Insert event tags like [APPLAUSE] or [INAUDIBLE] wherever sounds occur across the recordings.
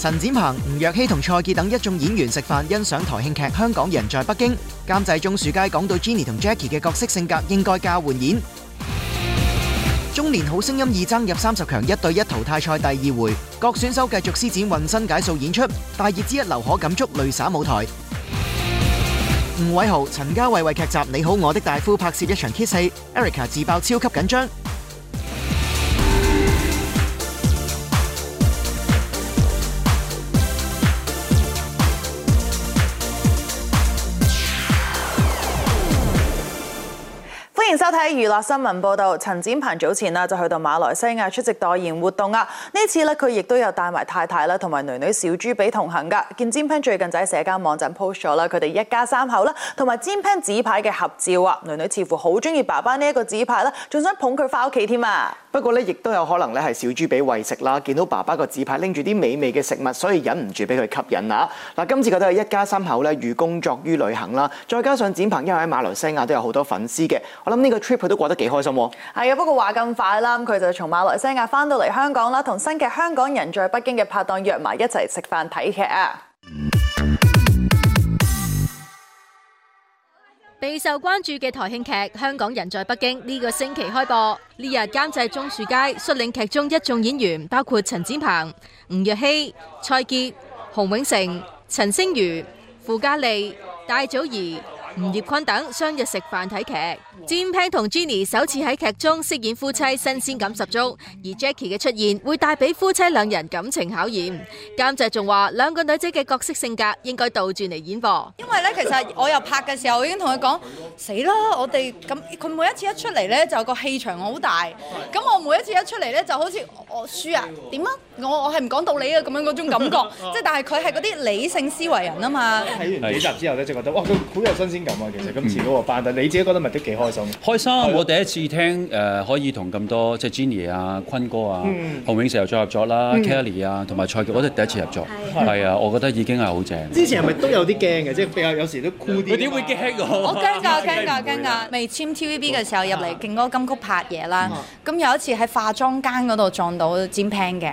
。陳展鵬、吳若希同蔡潔等一眾演員食飯，欣賞台慶劇《香港人在北京》。監製鍾樹佳講到，Jenny 同 Jackie 嘅角色性格應該交換演。中年好聲音二爭入三十強，一對一淘汰賽第二回，各選手繼續施展渾身解數演出。大熱之一劉可感觸淚灑舞台。吳偉豪、陳嘉慧為劇集《你好我的大夫》拍攝一場 kiss，Erica 自爆超級緊張。歡迎收睇娛樂新聞報道。陳展鵬早前啊就去到馬來西亞出席代言活動啊，呢次呢，佢亦都有帶埋太太啦，同埋女女小豬比同行噶見展鵬最近就喺社交網站 post 咗啦，佢哋一家三口啦，同埋展鵬紙牌嘅合照啊。女女似乎好中意爸爸呢一個紙牌啦，仲想捧佢翻屋企添啊。不過呢，亦都有可能咧係小豬比餵食啦。見到爸爸個紙牌拎住啲美味嘅食物，所以忍唔住俾佢吸引啊。嗱，今次嘅都係一家三口咧，寓工作於旅行啦，再加上展鵬因為喺馬來西亞都有好多粉絲嘅，我諗。呢、這個 trip 佢都過得幾開心喎，係啊！不過話咁快啦，佢就從馬來西亞翻到嚟香港啦，同新劇《香港人在北京》嘅拍檔約埋一齊食飯睇劇啊！備受關注嘅台慶劇《香港人在北京》呢、這個星期開播，呢日監製鐘樹佳率領劇中一眾演員，包括陳展鵬、吳若希、蔡潔、洪永城、陳星如、傅嘉莉、戴祖儀、吳業坤等相約食飯睇劇，占平同 Jenny 首次喺劇中飾演夫妻，新鮮感十足。而 Jackie 嘅出現會帶俾夫妻兩人感情考驗。監製仲話：兩個女仔嘅角色性格應該倒轉嚟演噃。因為咧，其實我又拍嘅時候，我已經同佢講： [LAUGHS] 死啦，我哋咁佢每一次一出嚟咧，就個氣場好大。咁 [LAUGHS] 我每一次一出嚟咧，就好似我輸啊？點啊？我我係唔講道理啊？咁樣嗰種感覺，即 [LAUGHS] 係但係佢係嗰啲理性思維人啊嘛。睇完幾集之後咧，就覺得哇，佢好有新鮮。咁啊，其實今次嗰個班，但、嗯、你自己覺得咪都幾開心？開心、啊！我第一次聽誒、呃，可以同咁多即係 Jenny 啊、坤哥啊、洪、嗯、永城又再合作啦、啊嗯，Kelly 啊，同埋蔡，我哋第一次合作，係啊，我覺得已經係好正。之前係咪都有啲驚嘅？即係比較有時都酷啲。佢點會驚我？我驚㗎，驚㗎，驚㗎！未簽 T V B 嘅時候入嚟勁歌金曲拍嘢啦。咁、嗯、有一次喺化妝間嗰度撞到尖 pen 嘅。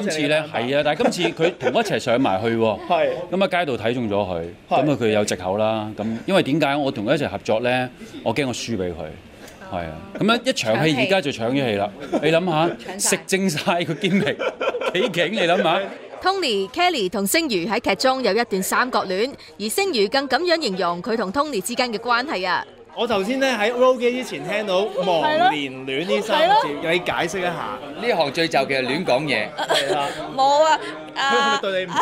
今次呢，係啊，但係今次佢同我一齊上埋去喎，咁 [LAUGHS] 啊、嗯、街度睇中咗佢，咁啊佢有藉口啦。咁、嗯、因為點解我同佢一齊合作呢？我驚我輸俾佢，係啊。咁、嗯嗯、樣一場戲而家就搶咗戲啦。你諗下，食精晒佢肩皮，企頸你諗下。 [LAUGHS] Tony、Kelly 同星如喺劇中有一段三角戀，而星如更咁樣形容佢同 Tony 之間嘅關係啊。我頭先咧喺 Rolling 之前聽到忘年戀呢三字，你解釋一下。呢行最就其實亂講嘢，冇、 [LAUGHS] 嗯、啊！Tony，Tony 對你唔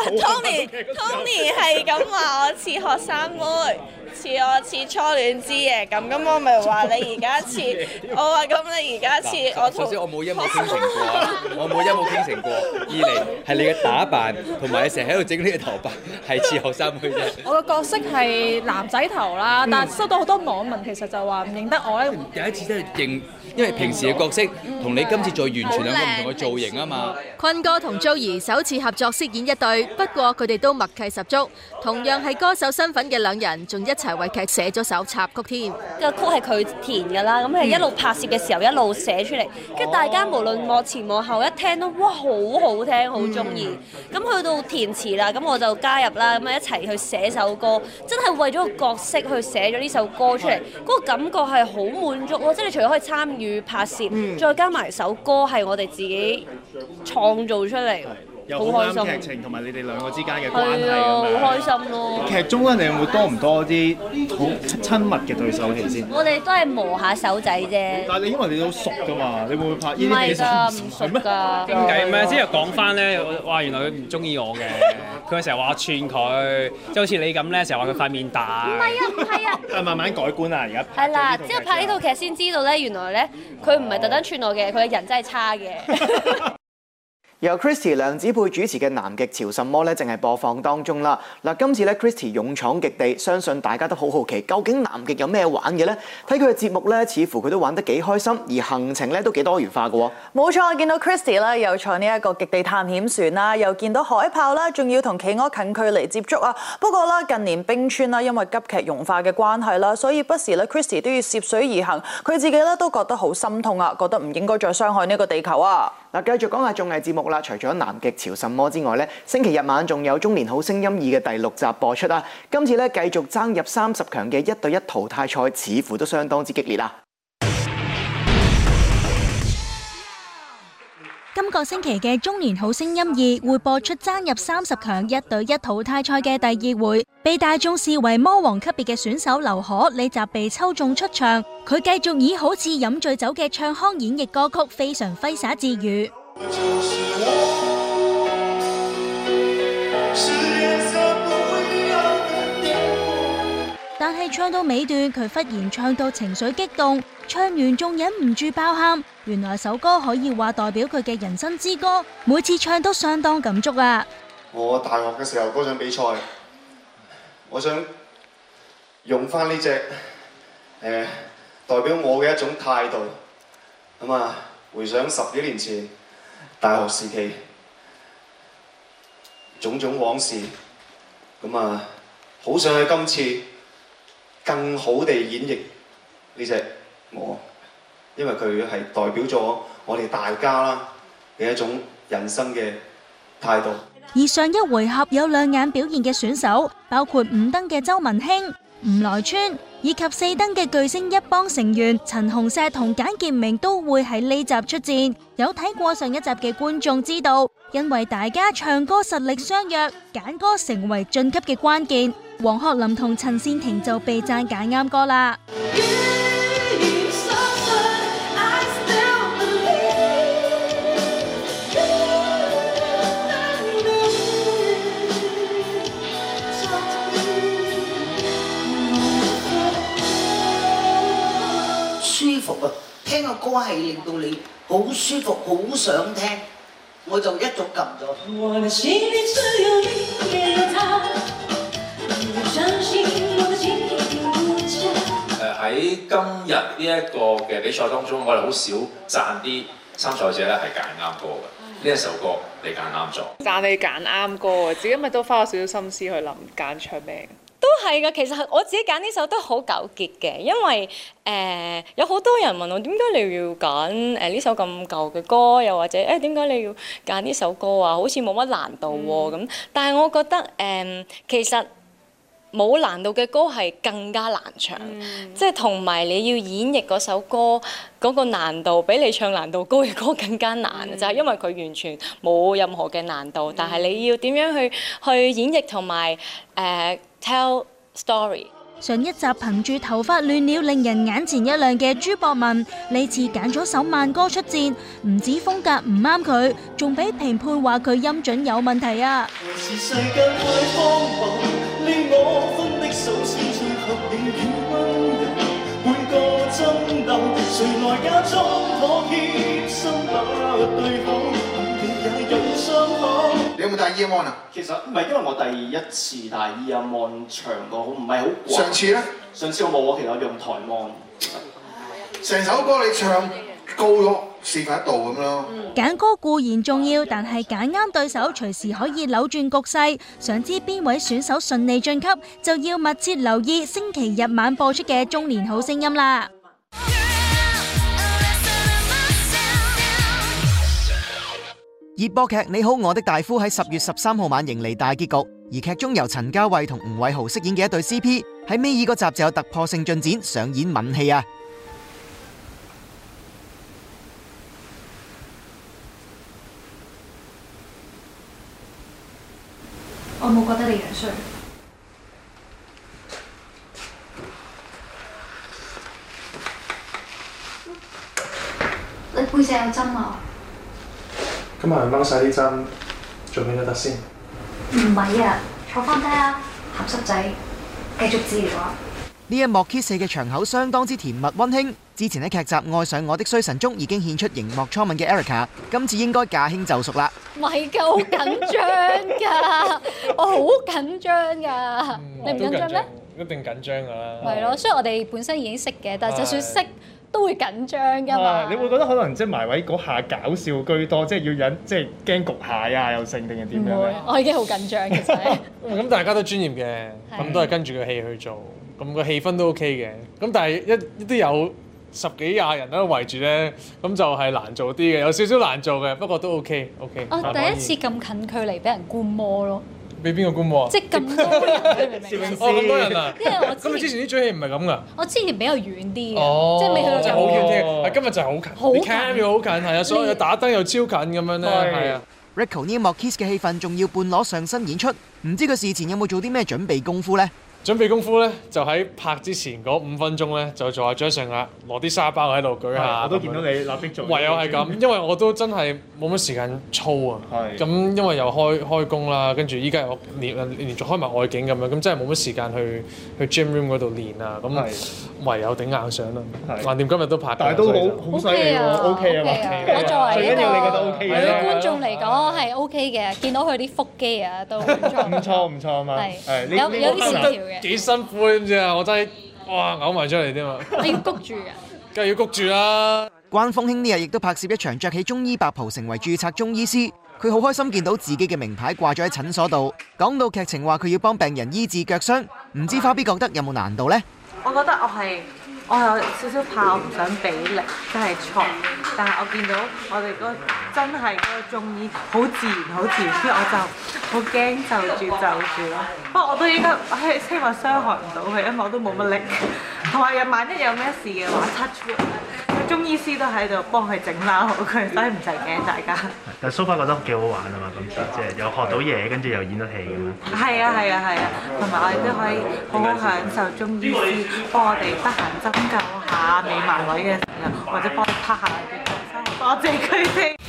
好，係咁話我似學生妹。 [LAUGHS] 似我似初戀之夜咁，咁我咪話你而家似，我話咁你而家似我同。首先我冇一目傾城過，我冇一目傾城過。二嚟係你嘅打扮，同埋你成日喺度整呢個頭髮，係似學生妹啫。我個角色係男仔頭啦，但係收到好多網民其實就話唔認得我咧。第一次真係認，因為平時嘅角色同你今次再完全兩個唔同嘅造型啊嘛。坤哥同 Joey 首次合作飾演一對，不過佢哋都默契十足。同樣係歌手身份嘅兩人，仲一齊為劇寫咗首插曲添。個曲係佢填㗎啦，咁係一路拍攝嘅時候一路寫出嚟，mm. 跟住大家無論幕前幕後一聽都哇，好好聽，好中意。mm. 咁去到填詞啦，咁我就加入啦，咁啊一齊去寫首歌，真係為咗個角色去寫咗呢首歌出嚟，嗰個感覺係好滿足咯。即係你除咗可以參與拍攝，mm. 再加埋首歌係我哋自己創造出嚟。又好心劇情，同埋你哋兩個之間嘅關係咁好開心咯、啊啊！啊啊啊啊啊心啊、劇中咧，你會多唔多啲好親密嘅對手戲先？我哋都係磨下手仔啫。但係你因為你都熟噶嘛，你會唔會拍這些熟熟呢啲戲先？唔係啊，唔熟咩？點解咩？即係講翻咧，哇！原來佢唔中意我嘅，佢成日話串佢，即係好似你咁咧，成日話佢塊面大。唔係啊，唔係啊！ [LAUGHS] 慢慢改觀啊，而家。係啦，之係拍呢套劇先知道咧，原來咧，佢唔係特登串我嘅，佢嘅人真係差嘅。由 Christy 梁子佩主持嘅《南極潮》什麼咧，正係播放當中啦。嗱，今次咧 Christy 勇闖極地，相信大家都好好奇，究竟南極有咩玩嘅咧？睇佢嘅節目咧，似乎佢都玩得幾開心，而行程咧都幾多元化嘅喎。冇錯，見到 Christy 咧又坐呢一個極地探險船啦，又見到海豹啦，仲要同企鵝近距離接觸啊。不過啦，近年冰川啦，因為急劇融化嘅關係啦，所以不時咧 Christy 都要涉水而行，佢自己咧都覺得好心痛啊，覺得唔應該再傷害呢個地球啊。嗱，繼續講下綜藝節目。除咗南極潮什麼之外咧，星期日晚仲有《中年好聲音二》嘅第六集播出啊！今次咧繼續爭入三十強嘅一對一淘汰賽，似乎都相當之激烈啊！今個星期嘅《中年好聲音二》會播出爭入三十強一對一淘汰賽嘅第二回，被大眾視為魔王級別嘅選手劉可李澤被抽中出場，佢繼續以好似飲醉酒嘅唱腔演繹歌曲，非常揮灑自如。但係唱到尾段，佢忽然唱到情緒激動，唱完仲忍唔住爆喊。原來首歌可以話代表佢嘅人生之歌，每次唱都相當感觸啊！我大學嘅時候歌唱比賽，我想用翻呢隻，呃，代表我嘅一種態度。咁啊，回想十幾年前。大學時期，種種往事，咁啊，好想喺今次更好地演繹呢隻歌，因為佢係代表咗我哋大家啦嘅一種人生嘅態度。而上一回合有亮眼表現嘅選手，包括五燈嘅周文興、吳來川。以及四登嘅巨星一幫成員陳鴻石同簡潔明都會喺呢集出戰。有睇過上一集嘅觀眾知道，因為大家唱歌實力相若，揀歌成為晉級嘅關鍵。黃鶴林同陳倩婷就被讚揀啱歌啦。聽個歌係令到你好舒服，好想聽，我就一早撳咗。誒喺今日呢一個嘅比賽當中，我哋好少贊啲參賽者咧係揀啱歌嘅，呢一首歌你揀啱咗。贊你揀啱歌啊！自己咪都花咗少少心思去諗揀唱咩？都係嘅，其實係我自己揀呢首都好糾結嘅，因為誒、呃，有好多人問我點解你要揀誒呢首咁舊嘅歌，又或者誒，欸、點解你要揀呢首歌啊？好似冇乜難度咁，嗯、但係我覺得誒、呃，其實。冇難度嘅歌係更加難唱，即係同埋你要演繹嗰首歌嗰、那個難度，比你唱難度高嘅歌更加難，嗯、就係、是、因為佢完全冇任何嘅難度，嗯、但係你要點樣去去演繹同埋誒 tell story。上一集憑住頭髮亂了令人眼前一亮嘅朱博文，呢次揀咗首慢歌出戰，唔止風格唔啱佢，仲畀評判話佢音準有問題啊！你有冇戴耳麥啊？其實唔係，因為我第一次戴耳麥唱歌好，唔係好怪。上次咧？上次我冇啊，其實我用台麥。成首歌你唱高咗四分一度咁咯。揀歌固然重要，但係揀啱對手隨時可以扭轉局勢。想知邊位選手順利晉級，就要密切留意星期日晚播出嘅《中年好聲音》啦。熱播劇《你好，我的大夫》喺十月十三號晚迎嚟大結局，而劇中由陳家慧同吳偉豪飾演嘅一對 CP 喺尾二個集就有突破性進展，上演吻戲啊！我冇覺得你樣衰，你背脊有針啊！咁啊，今日掹晒啲針，做咩都得先。唔係啊，坐翻低啊，鹹濕仔，繼續治療啊！呢一幕 kiss 嘅場口相當之甜蜜溫馨。之前喺劇集《愛上我的衰神》中已經獻出熒幕初吻嘅 Erica，今次應該駕輕就熟啦。唔係㗎，好緊張㗎、 [LAUGHS] [LAUGHS] 嗯，我好緊張㗎，你唔緊張咩？一定緊張㗎啦。係咯，雖然我哋本身已經識嘅，但係就算識。都會緊張㗎嘛、啊？你會覺得可能即係埋位嗰下搞笑居多，即係要忍，即係驚焗蟹啊又剩定係點樣？我已經好緊張嘅，真係。咁 [LAUGHS] [LAUGHS] 大家都專業嘅，咁都係跟住個戲去做，咁、個氣氛都 OK 嘅。咁但係一一都有十幾廿人啦，圍住咧，咁就係難做啲嘅，有少少難做嘅，不過都 OK OK、哦。我第一次咁近距離俾人觀摩咯。俾邊個公佈啊！即係咁多人，啊？ [LAUGHS] 哦，咁多人啊！因為我咁你之前啲追戲唔係咁噶。 [LAUGHS] 我之前比較遠啲嘅、哦，即係未去到好近。哦、今日就好今日就好近。你 cam 好近，係啊，所以打燈又超近咁樣咧，係啊。Rico 呢幕 kiss 嘅戲份仲要半裸上身演出，唔知佢事前有冇做啲咩準備功夫咧？準備功夫咧，就喺拍之前嗰五分鐘咧，就做下掌上壓，攞啲沙包喺度舉下。我都見到你攞冰做，唯有係咁， [LAUGHS] 因為我都真係冇乜時間操啊。係。咁因為又開開工啦，跟住依家又連連續開埋外景咁樣，咁真係冇乜時間去去 gym room 嗰度練啊。咁係唯有頂硬上咯。橫掂今日都拍，但係都好好犀利喎。O、okay、K 啊嘛。O、okay 啊 okay 啊 okay 啊、作為呢個，你覺得、okay 啊、觀眾嚟講係 O K 嘅，見、啊、到佢啲腹肌啊都唔錯。唔 [LAUGHS] 錯唔錯啊嘛。有有啲線條嘅。幾辛苦啊！知唔知啊？我真係哇，嘔埋出嚟添啊！ [LAUGHS] 要谷住啊！梗係要谷住啦！關風興呢日亦都拍攝一場，着起中醫白袍，成為註冊中醫師。佢好開心見到自己嘅名牌掛咗喺診所度。講到劇情話，佢要幫病人醫治腳傷，唔知花邊覺得有冇難度呢？我覺得我係。我有少少怕，我唔想俾力，真係錯。但係我見到我哋、嗰個真係個眾議好自然，好自然，我就好驚就住就住咯。不過我都應該，唉，希望傷害唔到佢，因為我都冇乜力。同埋又萬一有咩事嘅話，touch wood。中醫師都喺度幫佢整好佢，真係唔使驚大家。但蘇菲覺得幾好玩啊嘛，咁即係又學到嘢，跟住又演咗戲咁樣。係啊係啊係啊，同埋、啊啊、我哋都可以好好享受中醫師幫我哋得閒針灸下美盲女嘅時候，或者幫佢拍下相，多謝佢哋。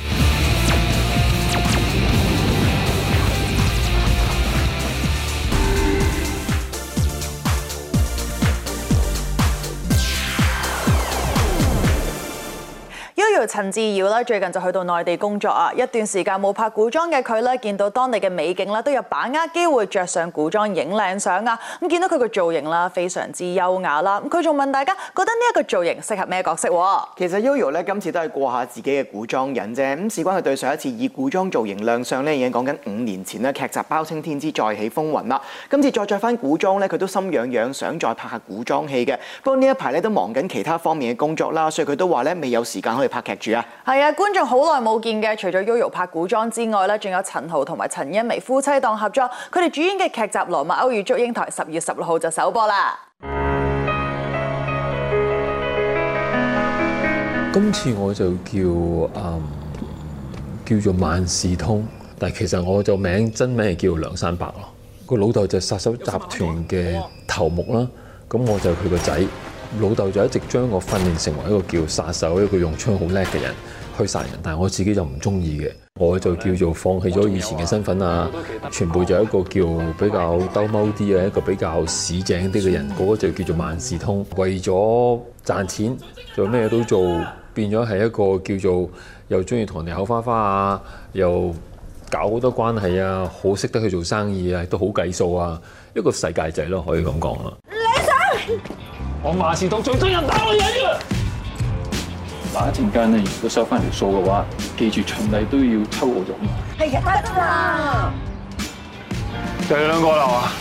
陳自瑤咧最近就去到內地工作啊，一段時間冇拍古裝嘅佢咧，見到當地嘅美景咧，都有把握機會着上古裝影靚相啊！咁見到佢個造型啦，非常之優雅啦。咁佢仲問大家覺得呢一個造型適合咩角色？其實 Yoyo 今次都係過下自己嘅古裝癮啫。咁、嗯、事關佢對上一次以古裝造型亮相咧，已經講緊五年前咧劇集《包青天之再起風雲》啦。今次再着翻古裝咧，佢都心癢癢想再拍下古裝戲嘅。不過呢一排咧都忙緊其他方面嘅工作啦，所以佢都話咧未有時間可以拍。劇主啊！係啊，觀眾好耐冇見嘅，除咗 Yoyo 拍古裝之外咧，仲有陳豪同埋陳茵媺夫妻檔合作，佢哋主演嘅劇集《羅密歐與祝英台》，十月十六號就首播啦。今次我就叫啊、嗯，叫做萬事通，但係其實我個名真名係叫梁山伯咯。個老豆就係殺手集團嘅頭目啦，咁我就佢個仔。老豆就一直將我訓練成為一個叫殺手，一個用槍好叻嘅人去殺人。但係我自己就唔中意嘅，我就叫做放棄咗以前嘅身份啊，啊，全部就一個叫比較兜踎啲嘅，一個比較市井啲嘅人。嗰、嗯嗰個就叫做萬事通，為咗賺錢就咩都做，變咗係一個叫做又中意同人哋口花花啊，又搞好多關係啊，好識得去做生意啊，都好計數啊，一個世界仔咯，可以咁講啦。你我萬事通最憎人打我嘢啦！下一陣間呢，如果收翻條數嘅話，記住循例都要抽我咗嘛。係嘅，得啦。就你兩個啦，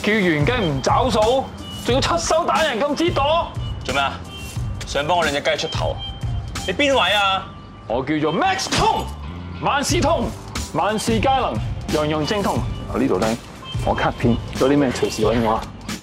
叫完雞唔找數，仲要出手打人咁知道？做咩啊？想幫我兩隻雞出頭？你邊位啊？我叫做 Max 通，萬事通，萬事皆能，樣樣精通。喺呢度咧，我卡片。有啲咩隨時搵我啊？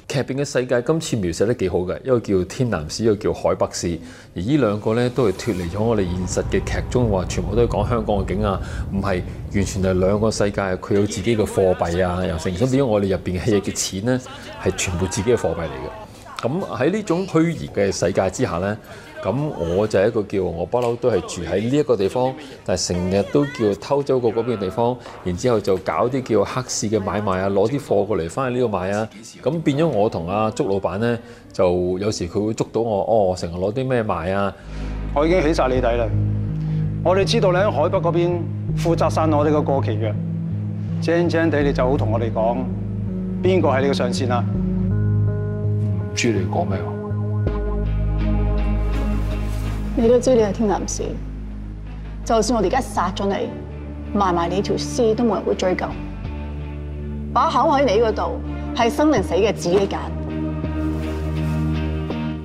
劇變嘅世界今次描寫得幾好嘅，一個叫天南市，一個叫海北市，而呢兩個呢，都係脫離咗我哋現實嘅劇中話，全部都係講香港嘅景啊，唔係完全係兩個世界，佢有自己嘅貨幣啊，又成。咁點咗我哋入邊嘅嘢嘅錢呢，係全部自己嘅貨幣嚟嘅？咁喺呢種虛擬嘅世界之下呢。咁我就係一個叫我不嬲都係住喺呢一個地方，但係成日都叫偷走過嗰邊嘅地方，然之後就搞啲叫黑市嘅買賣啊，攞啲貨過嚟翻去呢度買啊。咁變咗我同阿祝老闆咧，就有時佢會捉到我，哦，成日攞啲咩賣啊？我已經起晒你底啦，我哋知道你喺海北嗰邊負責散攞呢個過期藥，正正地你就好同我哋講，邊個係你嘅上線啊？唔知你講咩。你都知你係天煞星，就算我哋而家殺咗你，埋埋你條屍都冇人會追究。把口喺你嗰度，係生定死嘅自己揀。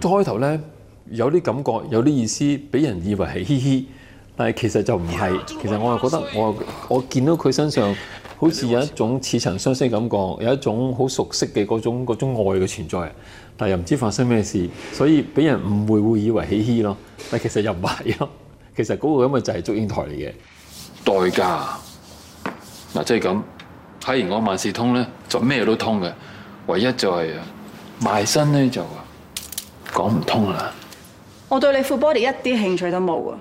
開頭咧有啲感覺，有啲意思俾人以為係嘻嘻，但係其實就唔係。其實我又覺得我我見到佢身上。好似有一種似曾相識感覺，有一種好熟悉嘅嗰種嗰種愛嘅存在，但又唔知道發生咩事，所以俾人誤會會以為喜熙咯，但其實又唔係咯，其實嗰個根本就係祝英台嚟嘅。代價嗱即係咁，睇完我萬事通咧，就咩都通嘅，唯一就係、啊、賣身咧就講唔通啦。我對你副 body 一啲興趣都冇啊！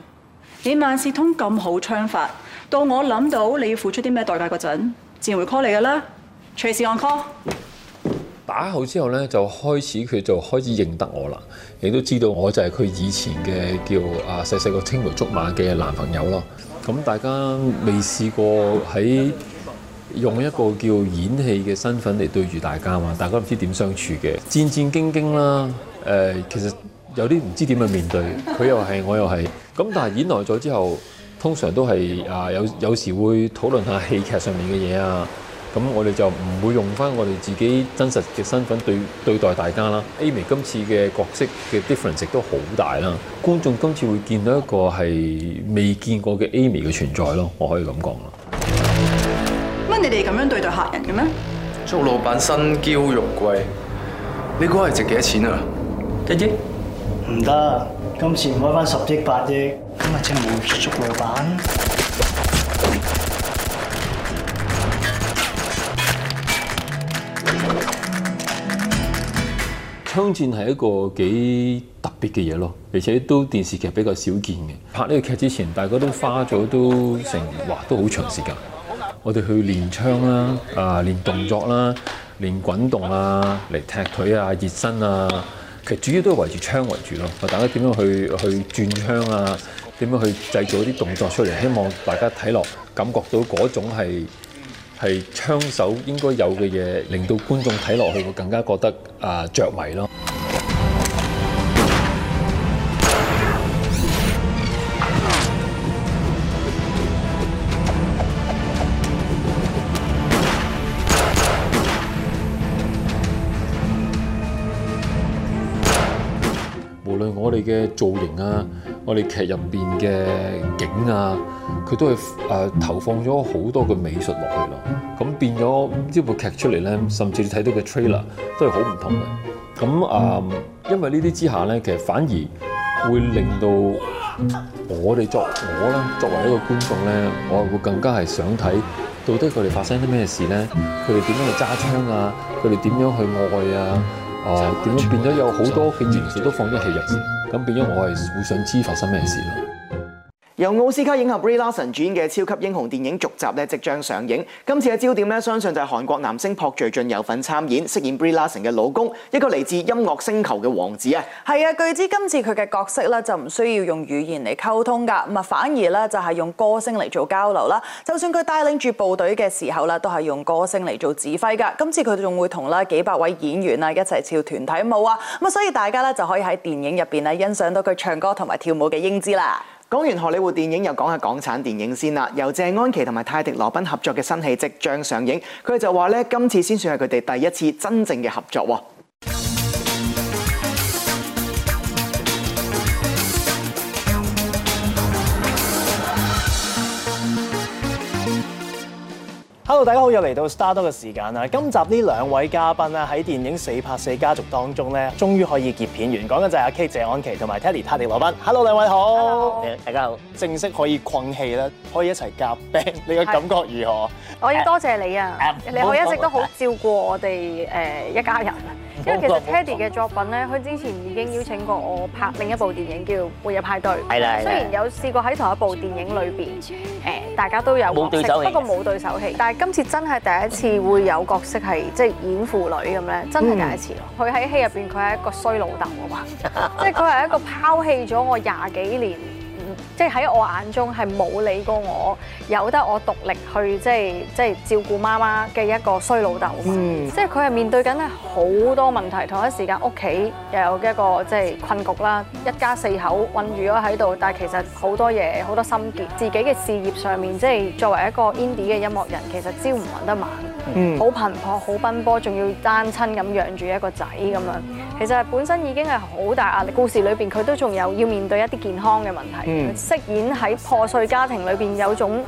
你萬事通咁好槍法。到我諗到你要付出啲咩代價嗰陣，自然會 call 你噶啦，隨時按 call。打好之後呢，就開始佢就開始認得我啦。亦都知道，我就係佢以前嘅叫啊細細個青梅竹馬嘅男朋友咯。咁大家未試過喺用一個叫演戲嘅身份嚟對住大家嘛？大家唔知點相處嘅，戰戰兢兢啦。誒、呃，其實有啲唔知點去面對。佢又係，我又係。咁 [LAUGHS] 但係演耐咗之後。通常都係啊，有有時會討論下戲劇上面嘅嘢啊。咁我哋就唔會用翻我哋自己真實嘅身份對對待大家啦。Amy 今次嘅角色嘅 difference 都好大啦。觀眾今次會見到一個係未見過嘅 Amy 嘅存在咯。我可以咁講啦。乜你哋咁樣對待客人嘅咩？祝老闆身嬌肉貴，你估係值幾多錢啊？一億？唔得，今次唔開翻十億八億。今日即係冇足夠老闆。槍戰係一個幾特別嘅嘢咯，而且都電視劇比較少見嘅。拍呢個劇之前，大家都花咗都成，哇都好長時間。我哋去練槍啦，啊練動作啦，練滾動啊，嚟踢腿啊、熱身啊。其實主要都係圍住槍圍住咯。大家點樣去去轉槍啊？點樣去製造一啲動作出嚟？希望大家睇落感覺到嗰種係係槍手應該有嘅嘢，令到觀眾睇落去會更加覺得啊著迷囉。無論我哋嘅造型啊。我哋劇入邊嘅景啊，佢都係誒、呃、投放咗好多嘅美術落去咯。咁變咗呢部劇出嚟咧，甚至你睇到個 trailer 都係好唔同嘅。咁啊、呃嗯，因為呢啲之下咧，其實反而會令到我哋作我啦，作為一個觀眾咧，我會更加係想睇到底佢哋發生啲咩事咧？佢哋點樣去揸槍啊？佢哋點樣去愛啊？啊、呃，點樣變咗有好多嘅元素都放咗戲入咁變咗，我係會想知道發生咩事咯。由奧斯卡影后 Brie Larson 主演嘅超級英雄電影續集咧，即將上映。今次嘅焦點咧，相信就係韓國男星朴敘俊有份參演，飾演 Brie Larson 嘅老公，一個嚟自音樂星球嘅王子啊！係啊，據知今次佢嘅角色咧，就唔需要用語言嚟溝通噶，咁啊反而咧就係用歌聲嚟做交流啦。就算佢帶領住部隊嘅時候咧，都係用歌聲嚟做指揮噶。今次佢仲會同啦幾百位演員啊一齊跳團體舞啊，咁啊所以大家咧就可以喺電影入邊咧欣賞到佢唱歌同埋跳舞嘅英姿啦。講完荷里活電影，又講下港產電影先啦。由謝安琪同埋泰迪羅賓合作嘅新戲即將上映，佢哋就話咧，今次先算係佢哋第一次真正嘅合作喎、哦。hello，大家好，又嚟到 Star 嘅時間啦。今集呢兩位嘉賓咧，喺電影《四拍四家族》當中咧，終於可以結片緣。講緊就係阿 K 謝安琪同埋 Teddy Teddy 羅賓。Hello，兩位好。大家好。正式可以困戲啦，可以一齊夾 band，你嘅感覺如何？我要多謝你啊！你以一直都好照顧我哋一家人，因為其實 Teddy 嘅作品咧，佢之前已經邀請過我拍另一部電影叫《步入派對》。係雖然有試過喺同一部電影裏面，大家都有冇對手戲，不過冇對手戲，但今次真係第一次會有角色係即係演父女咁咧，真係第一次咯。嗯。佢喺戲入邊，佢係一個衰老豆啊嘛，即係佢係一個拋棄咗我廿幾年。即係喺我眼中係冇理過我，由得我獨力去即係即係照顧媽媽嘅一個衰老豆。嗯，即係佢係面對緊咧好多問題，同一時間屋企又有一個即係困局啦，一家四口韞住咗喺度。但係其實好多嘢，好多心結自己嘅事業上面，即係作為一個 indie 嘅音樂人，其實朝唔穩得晚。好頻撲，好奔波，仲要單親咁養住一個仔咁樣，其實本身已經係好大壓力。故事裏面，佢都仲有要面對一啲健康嘅問題，嗯、飾演喺破碎家庭裏面，有種，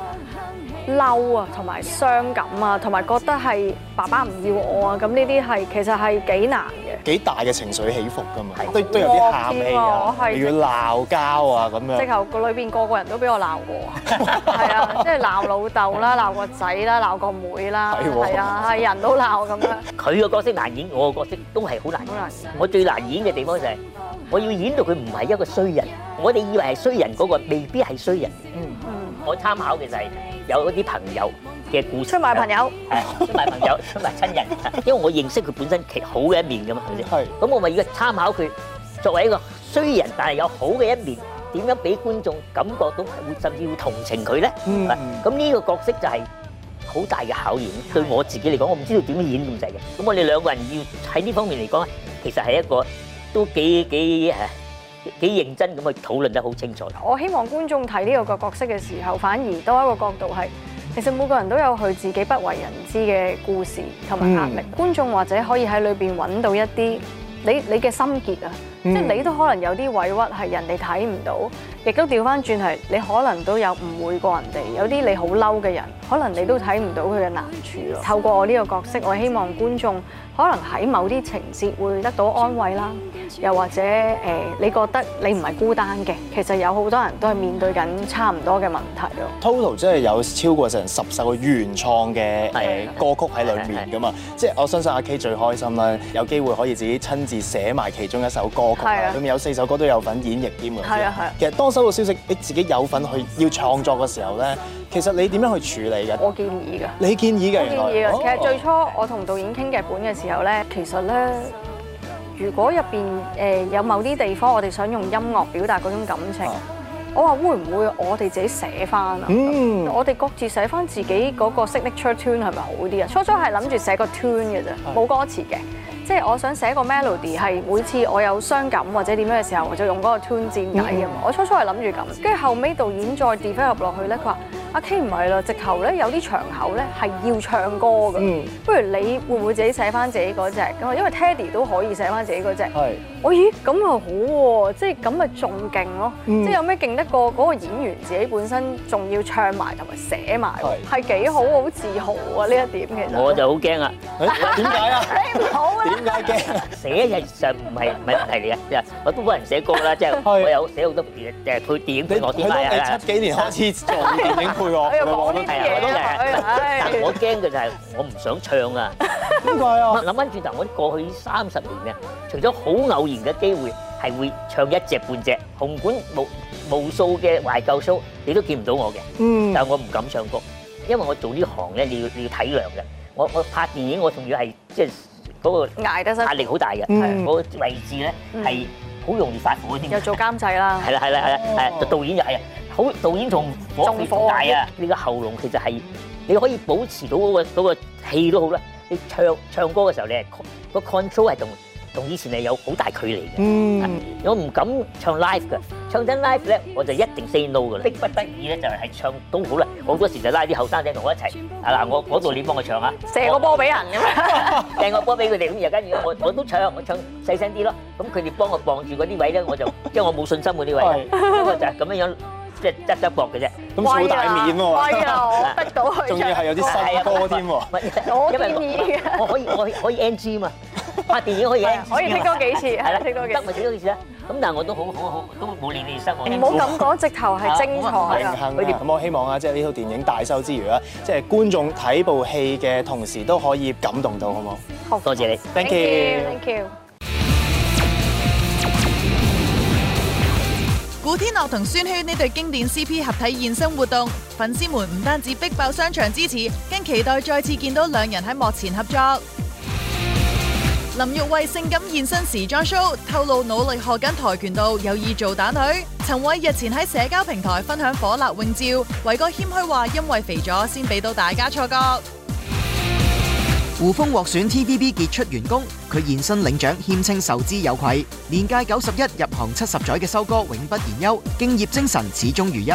嬲啊，同埋傷感啊，同埋覺得係爸爸唔要我啊，咁呢啲係其實係幾難嘅，幾大嘅情緒起伏㗎嘛，都都有啲喊氣啊，要鬧交啊咁樣。即後個裏邊個個人都俾我鬧過，係 [LAUGHS] 啊，即係鬧老豆啦，鬧個仔啦，鬧個妹啦，係 [LAUGHS] 啊，係人都鬧咁樣。佢 [LAUGHS] 個角色難演，我個角色都係好難。好難演。 [LAUGHS] 我最難演嘅地方就係我要演到佢唔係一個衰人，我哋以為係衰人嗰個未必係衰人。嗯我參考嘅就係有一啲朋友嘅故事，出賣朋友，係出賣朋友，出賣親人，因為我認識佢本身其好嘅一面噶嘛，係咪先？咁我咪要參考佢作為一個衰人，但係有好嘅一面，點樣俾觀眾感覺到，甚至會同情佢咧？咁呢個角色就係好大嘅考驗，對我自己嚟講，我唔知道點樣演咁滯嘅。咁我哋兩個人要喺呢方面嚟講，其實係一個都幾幾誒，幾認真咁去討論得好清楚。我希望觀眾睇呢個角色嘅時候，反而多一個角度係，其實每個人都有佢自己不為人知嘅故事同埋壓力。嗯。觀眾或者可以喺裏面揾到一啲你你嘅心結啊。嗯、即係你都可能有啲委屈係人哋睇唔到，亦都調翻轉係你可能都有誤會過人哋，有啲你好嬲嘅人，可能你都睇唔到佢嘅難處咯。透過我呢個角色，我希望觀眾可能喺某啲情節會得到安慰啦，又或者誒、呃、你覺得你唔係孤單嘅，其實有好多人都係面對緊差唔多嘅問題咯。Total 真係有超過成十首嘅原創嘅誒歌曲喺裏面㗎嘛，即係我相信阿 K 最開心啦，有機會可以自己親自寫埋其中一首歌。係啊！裏面有四首歌都有份演繹添喎。係啊係。其實多收到消息，你自己有份去要創作嘅時候咧，其實你點樣去處理嘅？我建議㗎。你建議㗎？我建議㗎。其實最初我同導演傾劇本嘅時候咧，其實咧，如果入邊誒有某啲地方，我哋想用音樂表達嗰種感情，我話會唔會我哋自己寫翻啊？嗯。我哋各自寫翻自己嗰個 signature tune 係咪好啲啊？初初係諗住寫一個 tune 嘅啫，冇歌詞嘅。即係我想寫個 melody 係每次我有傷感或者點樣嘅時候，我就用嗰個 tune 戰嘅。我初初係諗住咁，跟住後尾導演再 develop 落去咧，佢話。阿 K 唔係咯，直頭咧有啲場口咧係要唱歌噶。不如你會唔會自己寫翻自己嗰隻咁啊？因為 Teddy 都可以寫翻自己嗰隻。係。我咦咁又好喎，即係咁咪仲勁咯。即係有咩勁得過嗰個演員自己本身仲要唱埋同埋寫埋，係幾好，好自豪啊呢一點其實。我就好驚啊！點解啊？寫唔好咧。點解驚？寫其實唔係唔係問題嚟嘅，就我都幫人寫歌啦，即係我有寫好多配電影配我啲埋啊。佢哋七幾年開始做電影配。我又講啲嘢，但係我驚嘅就係我唔想唱啊！諗翻轉頭，我過去三十年嘅，除咗好偶然嘅機會係會唱一隻半隻，紅館無無數嘅懷舊 show，你都見唔到我嘅。嗯，但係我唔敢唱歌，因為我做呢行咧，你要你要體諒嘅。我我拍電影，我仲要係即係嗰個壓得壓力好大嘅。嗯，嗰個位置咧係好容易發火啲。又做監製啦，係啦係啦係啦，就導演又係啊！好導演從火氣大啊你！你個喉嚨其實係你可以保持到嗰、那個嗰、那個、氣都好啦。你唱唱歌嘅時候，你係個 control 係同同以前係有好大距離嘅。嗯，我唔敢唱 live 㗎，唱真 live 咧，我就一定 say no 㗎啦。迫不得已咧，就係、是、係唱都好啦。我嗰時就拉啲後生仔同我一齊。啊嗱，我你幫我導演幫佢唱啊，射個波俾人咁樣，掟、啊、個波俾佢哋咁。而家而我我都唱，我唱細聲啲咯。咁佢哋幫我傍住嗰啲位咧，我就因為 [LAUGHS] 我冇信心嗰啲位，咁 [LAUGHS] 不過就係咁樣樣。即係得得薄嘅啫，咁好大面啊嘛，得到佢，仲要係有啲細歌添喎，我建議、哎，我可以我可以 NG 嘛，拍電影可以 [LAUGHS] 可以聽多幾次，係啦，聽多幾，得咪多幾次啦，咁但係我都好好好，都冇練失都都練你失我，唔好咁講， [LAUGHS] 直頭係精彩啊，咁、啊、我希望啊，即係呢套電影大收之餘啊，即、就、係、是、觀眾睇部戲嘅同時都可以感動到，好冇？好，多謝，謝你，Thank you，Thank you。古天樂同宣萱呢對經典 CP 合體現身活動，粉絲們唔單止逼爆商場支持，更期待再次見到兩人喺幕前合作。 [MUSIC] 林玉慧性感現身時裝 show，透露努力學緊跆拳道，有意做打女。陳偉日前喺社交平台分享火辣泳照，偉哥謙虛話因為肥咗先俾到大家錯覺。胡楓獲選 TVB 傑出員工，佢現身領獎，謙稱受之有愧。年屆九十一，入行七十載嘅修哥，永不言休，敬業精神始終如一。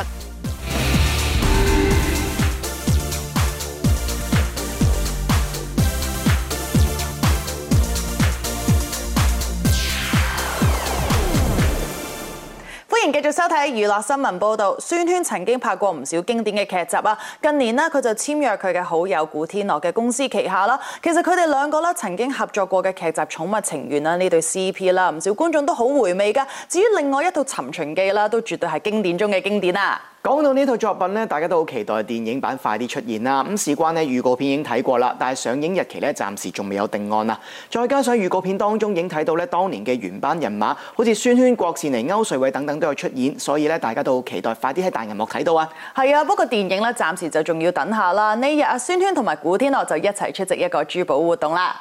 收睇娛樂新聞報道，宣萱曾經拍過唔少經典嘅劇集啊！近年咧，佢就簽約佢嘅好友古天樂嘅公司旗下啦。其實佢哋兩個咧曾經合作過嘅劇集《寵物情緣》啦，呢對 CP 啦，唔少觀眾都好回味㗎。至於另外一套《尋秦記》啦，都絕對係經典中嘅經典啊！講到呢套作品，大家都好期待電影版快啲出現啦。咁事關咧預告片已經睇過啦，但係上映日期咧暫時仲未有定案啦。再加上預告片當中已經睇到咧當年嘅原班人馬，好似宣萱、郭羨妮、歐瑞偉等等都有出現，所以大家都好期待快啲喺大銀幕睇到啊。係啊，不過電影咧暫時就仲要等一下啦。呢日阿宣萱同埋古天樂就一齊出席一個珠寶活動啦。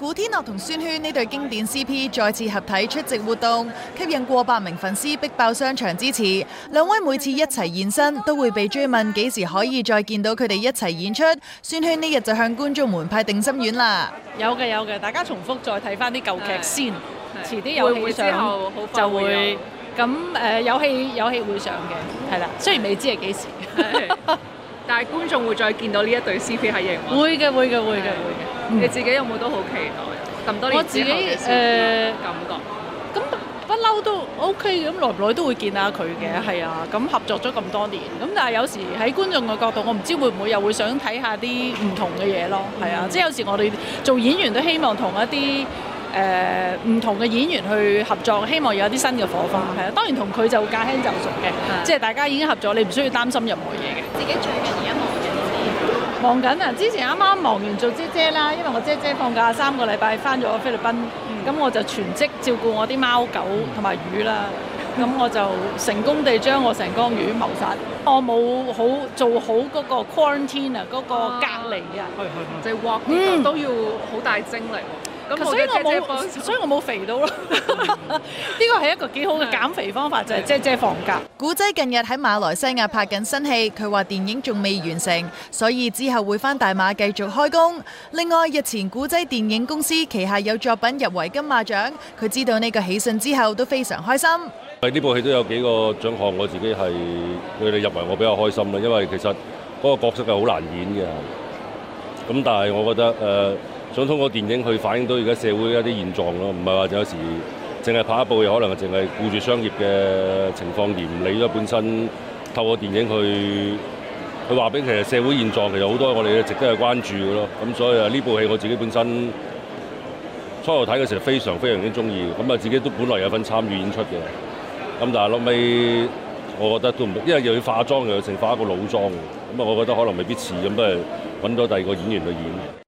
古天樂同宣萱呢對經典 CP 再次合體出席活動，吸引過百名粉絲逼爆商場支持。兩位每次一齊現身，都會被追問幾時可以再見到佢哋一齊演出？宣萱呢日就向觀眾們派定心丸啦。有嘅有嘅，大家重複再睇翻啲舊劇先，遲啲有戲會上就會。咁誒、呃，有戲有戲會上嘅，係啦。雖然未知係幾時。 [LAUGHS] 但係觀眾會再見到呢一對 CP 喺熒幕，會嘅會嘅會嘅會嘅、嗯。你自己有冇都好期待咁多年我自己 c、呃、感覺？咁、嗯 okay, 不嬲都 OK 嘅，咁耐唔耐都會見下佢嘅，係、嗯、啊。咁合作咗咁多年，咁但係有時喺觀眾嘅角度，我唔知會唔會又會想睇下啲唔同嘅嘢咯，係啊。嗯、即係有時我哋做演員都希望同一啲。誒、呃、唔同嘅演員去合作，希望有啲新嘅火花係、嗯、當然同佢就駕輕就熟嘅、嗯，即係大家已經合作，你唔需要擔心任何嘢嘅。自己最近而家忙緊啲，忙緊啊！之前啱啱忙完做姐姐啦，因為我姐姐放假三個禮拜翻咗菲律賓，咁、嗯、我就全職照顧我啲貓狗同埋魚啦。咁、嗯、我就成功地將我成缸魚謀殺。嗯、我冇好做好嗰個 quarantine 啊，嗰、嗰個隔離啊，啊就係 work 都要好大精力、啊。咁所以我冇，所以我冇肥到咯。呢個係一個幾好嘅減肥方法，就係遮遮房價。古仔近日喺馬來西亞拍緊新戲，佢話電影仲未完成，所以之後會返大馬繼續開工。另外，日前古仔電影公司旗下有作品入圍金馬獎，佢知道呢個喜訊之後都非常開心。係呢部戲都有幾個獎項，我自己係佢哋入圍，我比較開心啦。因為其實嗰個角色係好難演嘅，咁但係我覺得誒、呃想通過電影去反映到而家社會一啲現狀咯，唔係話有時淨係拍一部可能係淨係顧住商業嘅情況而唔理咗本身。透過電影去去話俾其實社會現狀，其實好多我哋都值得去關注嘅咯。咁所以啊，呢部戲我自己本身初頭睇嘅時候非常非常之中意，咁啊自己都本來有份參與演出嘅。咁但係落尾，我覺得都唔，因為又要化妝，又要成化一個老妝，咁啊，我覺得可能未必似咁，咁不如揾咗第二個演員去演。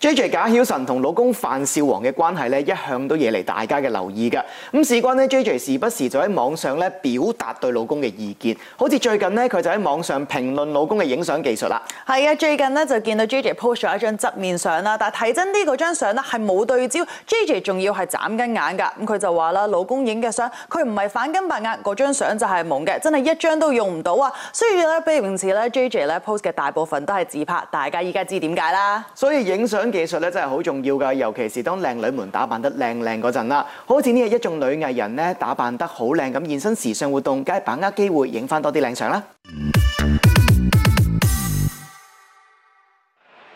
J J 賈曉晨同老公范少皇嘅關係咧，一向都惹嚟大家嘅留意嘅。咁事關呢 J J 時不時就喺網上咧表達對老公嘅意見，好似最近呢，佢就喺網上評論老公嘅影相技術啦。係啊，最近呢就見到 J J post 咗一張側面相啦，但係睇真啲嗰張相咧係冇對焦，J J 仲要係眨緊眼噶。咁佢就話啦，老公影嘅相佢唔係反跟白眼，嗰張相就係蒙嘅，真係一張都用唔到啊。所以咧，不唔似咧，J J 咧 post 嘅大部分都係自拍，大家依家知點解啦。所以影相。技術咧真係好重要噶尤其是當靚女們打扮得靚靚嗰陣啦，好似呢日一眾女藝人咧打扮得好靚咁現身時尚活動，梗係把握機會影翻多啲靚相啦。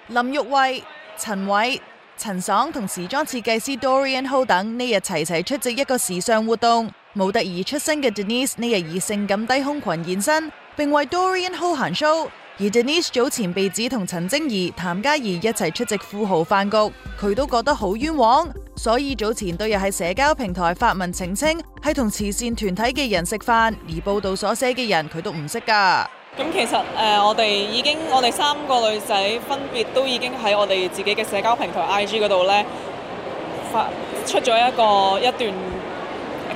林玉慧、陳偉、陳爽同時裝設計師 Dorian Ho 等呢日齊齊出席一個時尚活動，模特兒出身嘅 Denise 呢日以性感低胸裙現身，並為 Dorian Ho 行 show。而 Denise 早前被指同陳貞儀、譚嘉怡一齊出席富豪飯局，佢都覺得好冤枉，所以早前都又喺社交平台發文澄清，係同慈善團體嘅人食飯，而報道所寫嘅人佢都唔識㗎。咁其實誒、呃，我哋已經我哋三個女仔分別都已經喺我哋自己嘅社交平台 I G 度咧，發出咗一個一段。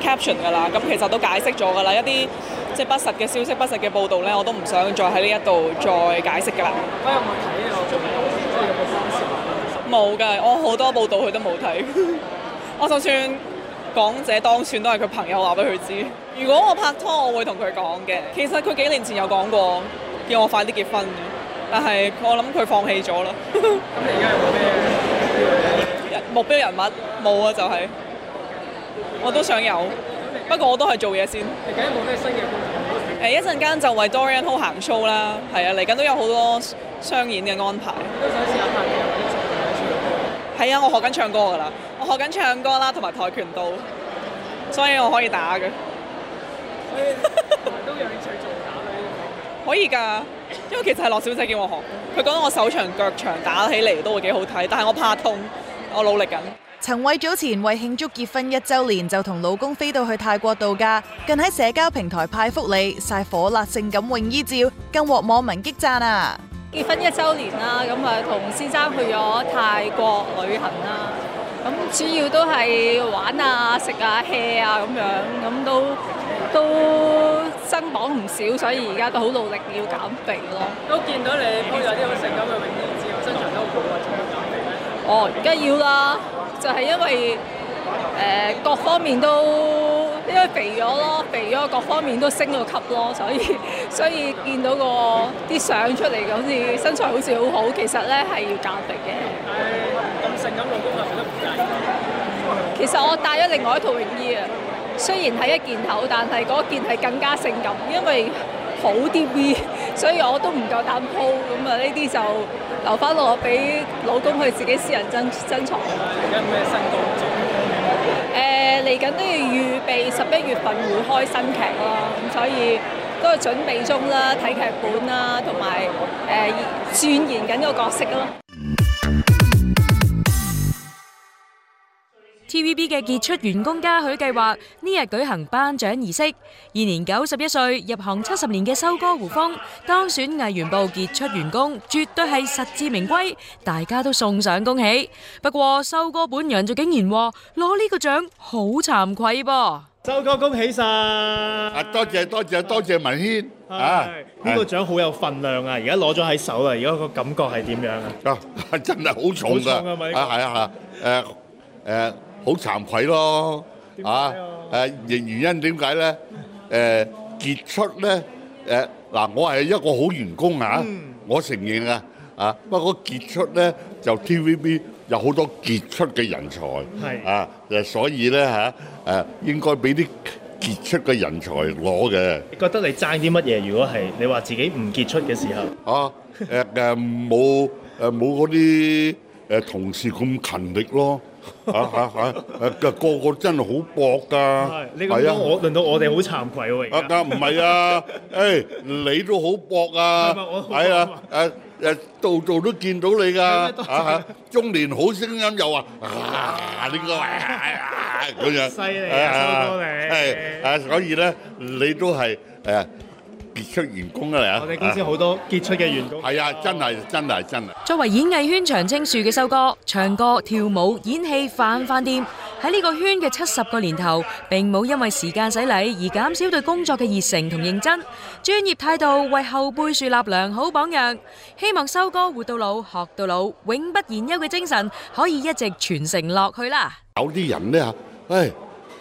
Caption 㗎啦，咁其實都解釋咗㗎啦，一啲即係不實嘅消息、不實嘅報導咧，我都唔想再喺呢一度再解釋㗎啦。有冇睇我做嘅好事？都係咁嘅方式嘛？冇㗎，我好多報導佢都冇睇。 [LAUGHS] 我就算港姐當選，都係佢朋友話俾佢知。如果我拍拖，我會同佢講嘅。其實佢幾年前有講過，叫我快啲結婚嘅。但係我諗佢放棄咗啦。咁你而家有冇咩目標人物冇啊，冇就係、是。我都想有，不過我都係做嘢先。你近嚟冇咩新嘢？誒，一陣間就為 Dorian 好行 show 啦，係啊，嚟緊都有好多商演嘅安排。都想試下拍戲，學，係啊，我學緊唱歌㗎啦，我學緊唱歌啦，同埋跆拳道，所以我可以打嘅。打 [LAUGHS] 可以都有興趣做打女可以㗎，因為其實係駱小姐叫我學，佢講我手長腳長，打起嚟都會幾好睇，但係我怕痛，我努力緊。陳慧早前為慶祝結婚一周年，就同老公飛到去泰國度假，更喺社交平台派福利曬火辣性感泳衣照，更獲網民激讚啊！結婚一周年啦，咁啊同先生去咗泰國旅行啦，咁主要都係玩啊、食啊、hea 啊咁樣，咁都都增磅唔少，所以而家都好努力要減肥咯。都見到你鋪咗啲好性感嘅泳衣照，身材都好高啊，仲要減肥咧？哦，而家要啦。就係、是、因為誒、呃、各方面都因為肥咗咯，肥咗各方面都升咗級咯，所以所以見到個啲相出嚟，好似身材好似好好，其實咧係要減肥嘅、哎，咁性感嗯，嗯。其實我帶咗另外一套泳衣啊，雖然係一件頭，但係嗰件係更加性感，因為。好啲味，所以我都唔夠膽鋪，咁啊！呢啲就留翻落我俾老公佢自己私人珍珍藏。而家咩新動作？呃，嚟緊都要預備十一月份會開新劇啦，咁、啊、所以都係準備中啦，睇劇本啦，同埋誒鑽研緊個角色咯。TVB 嘅傑出員工嘉許計劃呢日舉行頒獎儀式，現年九十一歲入行七十年嘅收哥胡楓當選藝員部傑出員工，絕對係實至名歸，大家都送上恭喜。不過收哥本人就竟然話攞呢個獎好慚愧噃。收哥恭喜晒，多謝多謝多謝文軒啊！呢個獎好有分量啊，而家攞咗喺手啦，而家個感覺係點樣啊？啊，真係好重噶，係啊係啊，誒誒。好慚愧咯，啊誒，原原因點解咧？誒傑出咧，誒嗱，我係一個好員工啊，我承認啊，啊不過傑出咧就 TVB 有好多傑出嘅人才，係啊誒，所以咧嚇誒應該俾啲傑出嘅人才攞嘅。你覺得你爭啲乜嘢？如果係你話自己唔傑出嘅時候，啊誒誒冇誒冇嗰啲誒同事咁勤力咯。 [LAUGHS] 啊啊啊！個個真係好搏噶，係啊！我輪、啊、到我哋好慚愧喎、啊。啊啊，唔係啊！誒，你都好搏啊，係啊！誒誒、啊，度、啊、度、啊啊、都、都見到你噶、啊，啊哈！中年好聲音又話啊，呢個啊咁樣，犀利啊，好、啊啊 [LAUGHS] 啊、你。係、哎、啊，所以咧，你都係誒。啊傑出員工啊嚟啊！公司好多傑出嘅員工，係啊，真係真係真啊！作為演藝圈長青樹嘅修哥，唱歌、跳舞、演戲，範範掂。喺呢個圈嘅七十個年頭，並冇因為時間洗禮而減少對工作嘅熱誠同認真。專業態度為後輩樹立良好榜樣。希望修哥活到老學到老，永不言休嘅精神可以一直傳承落去啦！有啲人呢吓，唉，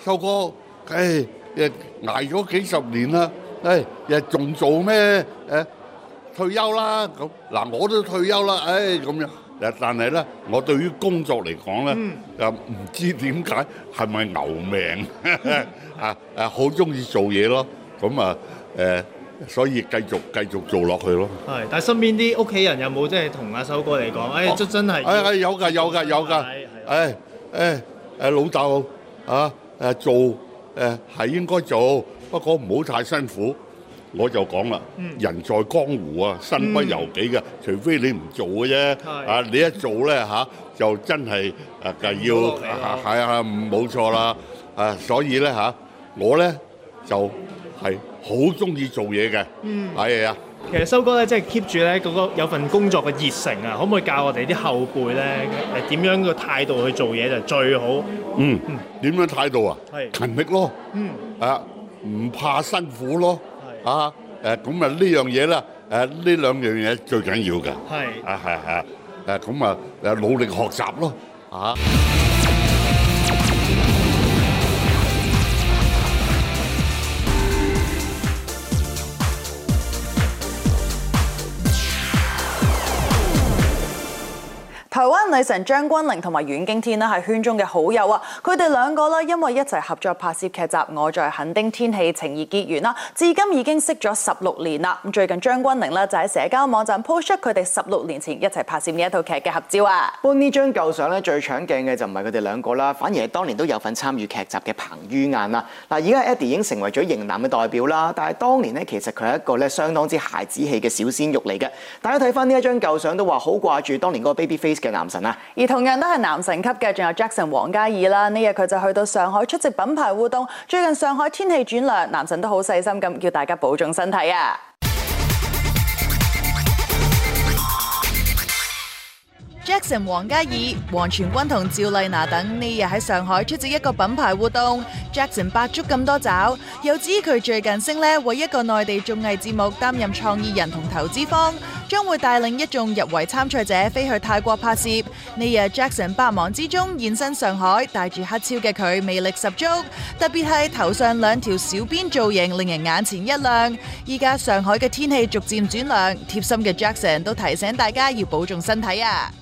修哥，唉，挨咗幾十年啦～誒，日仲做咩？誒，退休啦咁。嗱，我都退休啦。誒，咁樣。誒，但係咧，我對於工作嚟講咧，又唔知點解係咪牛命啊？誒，好鍾意做嘢咯。咁啊，誒，所以繼續繼續做落去咯。係，但係身邊啲屋企人有冇即係同阿首哥嚟講？誒，真真係。誒誒，有㗎有㗎有㗎。係係係。誒誒誒，老豆啊，誒做誒係應該做。不過唔好太辛苦，我就講啦。人在江湖啊，身不由己嘅，除非你唔做嘅啫。啊，你一做咧嚇，就真係誒就要係啊，冇錯啦。啊，所以咧嚇，我咧就係好中意做嘢嘅。嗯，係啊。其實修哥咧，即係 keep 住咧嗰個有份工作嘅熱誠啊，可唔可以教我哋啲後輩咧誒點樣嘅態度去做嘢就最好？嗯，點樣態度啊？係勤力咯。嗯啊。唔怕辛苦咯，嚇！誒咁啊、呃、這樣東西呢樣嘢啦，誒、呃、呢兩樣嘢最緊要嘅，係啊係係，誒。咁啊誒、呃呃、努力學習咯，吓。啊成張鈞甯同埋阮經天咧係圈中嘅好友啊！佢哋兩個咧因為一齊合作拍攝劇集《我在墾丁天氣》，情意結緣啦，至今已經識咗十六年啦。咁最近張鈞甯呢就喺社交網站 po 出佢哋十六年前一齊拍攝呢一套劇嘅合照啊！咁呢張舊相呢，最搶鏡嘅就唔係佢哋兩個啦，反而係當年都有份參與劇集嘅彭于晏啊！嗱，而家 Eddie 已經成為咗型男嘅代表啦，但係當年呢，其實佢係一個咧相當之孩子氣嘅小鮮肉嚟嘅。大家睇翻呢一張舊相都話好掛住當年嗰個 baby face 嘅男神啊！而同樣都係男神級嘅，仲有 Jackson 王嘉爾啦。呢日佢就去到上海出席品牌活動。最近上海天氣轉涼，男神都好細心咁叫大家保重身體啊！Jackson、王嘉爾、王傳君同趙麗娜等呢日喺上海出席一個品牌活動。Jackson 百足咁多爪，又指佢最近升呢為一個內地綜藝節目擔任創意人同投資方，將會帶領一眾入圍參賽者飛去泰國拍攝。呢日 Jackson 百忙之中現身上海，戴住黑超嘅佢魅力十足，特別係頭上兩條小辮造型令人眼前一亮。依家上海嘅天氣逐漸轉涼，貼心嘅 Jackson 都提醒大家要保重身體啊！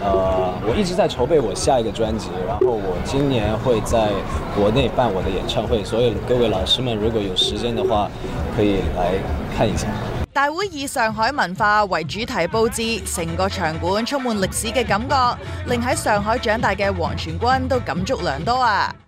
呃、uh，我一直在籌備我下一個專輯，然後我今年會在國內辦我的演唱會，所以各位老師們如果有時間的話，可以來看一下。大會以上海文化為主題布置，成個場館充滿歷史嘅感覺，令喺上海長大嘅黃傳軍都感觸良多啊。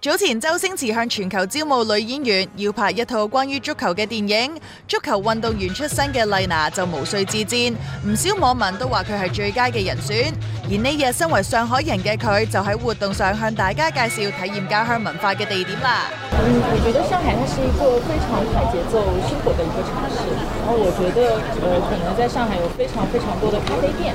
早前周星馳向全球招募女演員，要拍一套關於足球嘅電影。足球運動員出身嘅麗娜就無需自薦，唔少網民都話佢係最佳嘅人選。而呢日身為上海人嘅佢，就喺活動上向大家介紹體驗家鄉文化嘅地點啦。嗯，我覺得上海它是一個非常快節奏生活嘅一個城市。然後我覺得，呃，可能在上海有非常非常多的咖啡店。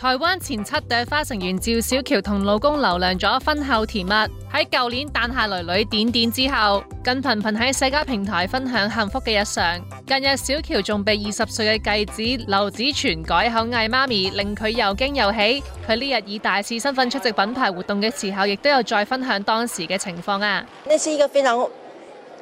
台灣前七朵花成員趙小僑同老公劉亮佐婚後甜蜜雷雷，喺舊年誕下女女點點之後，更頻頻喺社交平台分享幸福嘅日常。近日小僑仲被二十歲嘅繼子劉子銓改口嗌媽咪，令佢又驚又喜。佢呢日以大使身份出席品牌活動嘅時候，亦都有再分享當時嘅情況啊！呢是一個非常。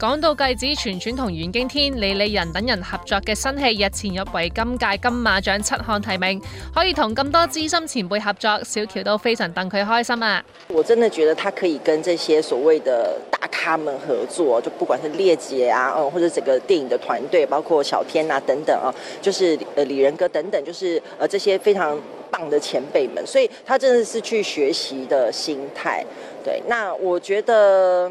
講到繼子、全全同阮經天、李李仁等人合作嘅新戲，日前入圍今屆金馬獎七項提名，可以同咁多資深前輩合作，小喬都非常戥佢開心啊！我真的覺得他可以跟這些所謂的大咖們合作，就不管是列姐啊，或者整個電影的團隊，包括小天啊等等啊，就是呃李仁哥等等，就是呃這些非常棒的前輩們，所以他真的是去學習的心態。對，那我覺得。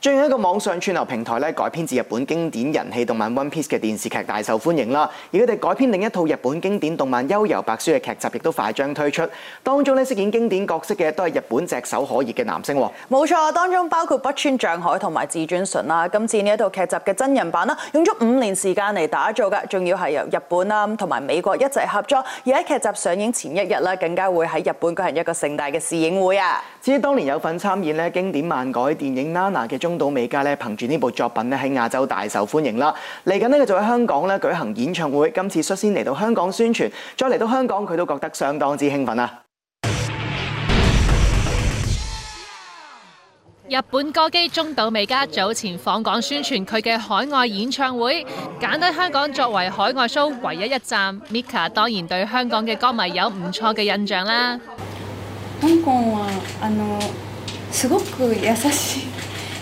最近一個網上串流平台咧改編自日本經典人氣動漫《One Piece》嘅電視劇大受歡迎啦，而佢哋改編另一套日本經典動漫《幽遊白書》嘅劇集亦都快將推出，當中咧飾演經典角色嘅都係日本炙手可熱嘅男星。冇錯，當中包括北村匠海同埋志尊淳啦。今次呢一套劇集嘅真人版啦，用咗五年時間嚟打造嘅，仲要係由日本啦同埋美國一齊合作。而喺劇集上映前一日，更加會喺日本舉行一個盛大嘅試映會啊！至於當年有份參演咧經典漫改電影《Nana》嘅中中島美嘉咧憑住呢部作品咧喺亞洲大受歡迎啦，嚟緊呢，佢就喺香港咧舉行演唱會，今次率先嚟到香港宣傳，再嚟到香港佢都覺得相當之興奮啊！日本歌姬中島美嘉早前訪港宣傳佢嘅海外演唱會，揀喺香港作為海外 show 唯一一站，Mika 當然對香港嘅歌迷有唔錯嘅印象啦。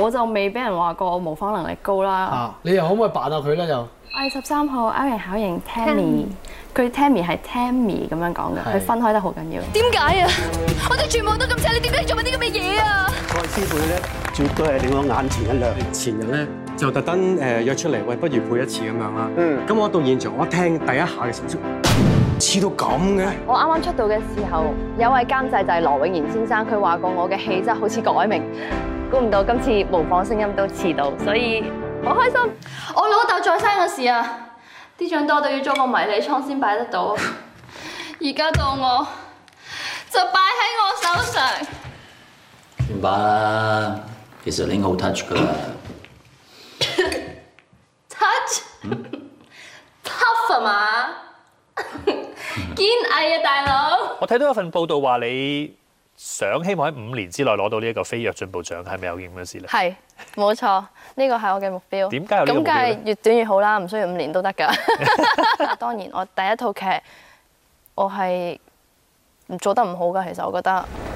我就未俾人話過我模仿能力高啦。啊！你又可唔可以扮下佢咧？又。我係十三號，阿倫考完考完，Tammy。佢 Tammy 係 Tammy 咁樣講嘅，佢分開得好緊要。點解啊？我哋全部都咁差，你點解做埋啲咁嘅嘢啊？各位師傅咧，絕對係令我眼前一亮。前日咧就特登誒約出嚟，喂，不如配一次咁樣啦。嗯。咁我到現場，我一聽第一下嘅聲線，似到咁嘅。我啱啱出道嘅時候，有位監製就係羅永賢先生，佢話過我嘅氣質好似郭藹明。嗯嗯估唔到今次模仿聲音都遲到，所以好開心。我老豆再生嘅事啊，啲獎多到要租個迷你倉先擺得到。而家到我，就擺喺我手上。唔擺啦，其實你好 touch 噶。Touch？Touch 啊嘛？堅毅啊，大佬！我睇到有份報道話你。想希望喺五年之內攞到呢一個飛躍進步獎，係咪有件咁嘅事咧？係，冇錯，呢個係我嘅目標。點解咁梗係越短越好啦？唔需要五年都得噶。 [LAUGHS] [LAUGHS] 當然，我第一套劇我係做得唔好噶。其實我覺得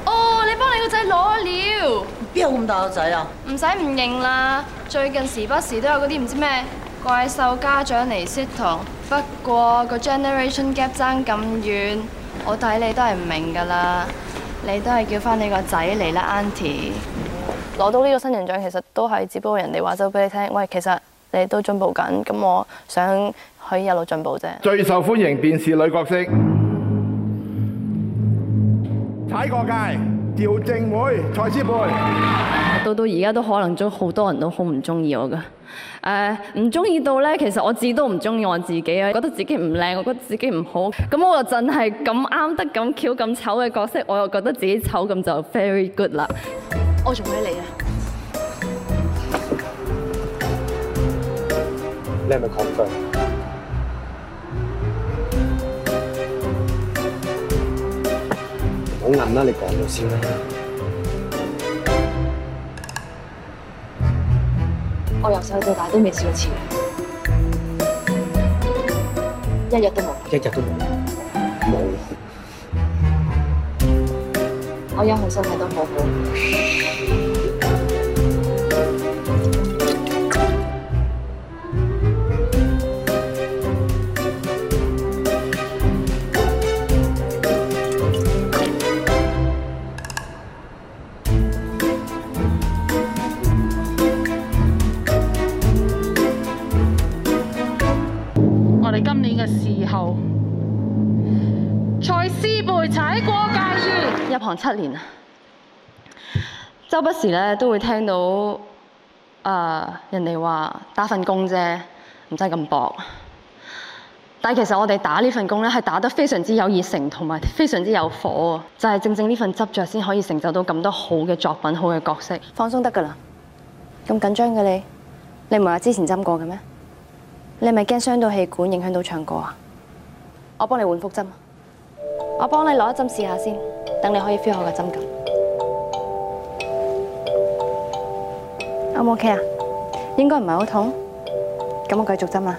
哦，你幫你個仔攞料，邊有咁大個仔啊？唔使唔認啦。最近時不時都有嗰啲唔知咩怪獸家長嚟食堂，不過個 generation gap 爭咁遠，我睇你都係唔明噶啦。你都係叫翻你個仔嚟啦，Auntie。攞到呢個新人獎，其實都係，只不過人哋話咗俾你聽，喂，其實你都進步緊，咁我想可以一路進步啫。最受歡迎電視女角色，踩過界，趙正梅，蔡思貝。到到而家都可能都好多人都好唔中意我㗎。誒，唔中意到咧，其實我自己都唔中意我自己啊，覺得自己唔靚，我覺得自己唔好。咁我又真係咁啱得咁巧咁醜嘅角色，我又覺得自己醜，咁就 very good 啦。我仲喺你啊！你係咪 confirm？好難啦，你講咗先啦。我由細到大都未試過黐，一日都冇，一日都冇，我身體都冇好身都好好。 [COUGHS] 七年啊，周不時咧，都會聽到誒、呃、人哋話打份工啫，唔使咁搏。但係其實我哋打呢份工咧，係打得非常之有熱誠，同埋非常之有火就係、是、正正呢份執着，先可以成就到咁多好嘅作品、好嘅角色。放鬆得噶啦，咁緊張嘅你，你唔係話之前針過嘅咩？你係咪驚傷到氣管，影響到唱歌啊？我幫你換腹針，我幫你攞一針試下先。等你可以 feel 我個針感，O 唔 O K 啊？應該唔係好痛，咁我繼續針啦。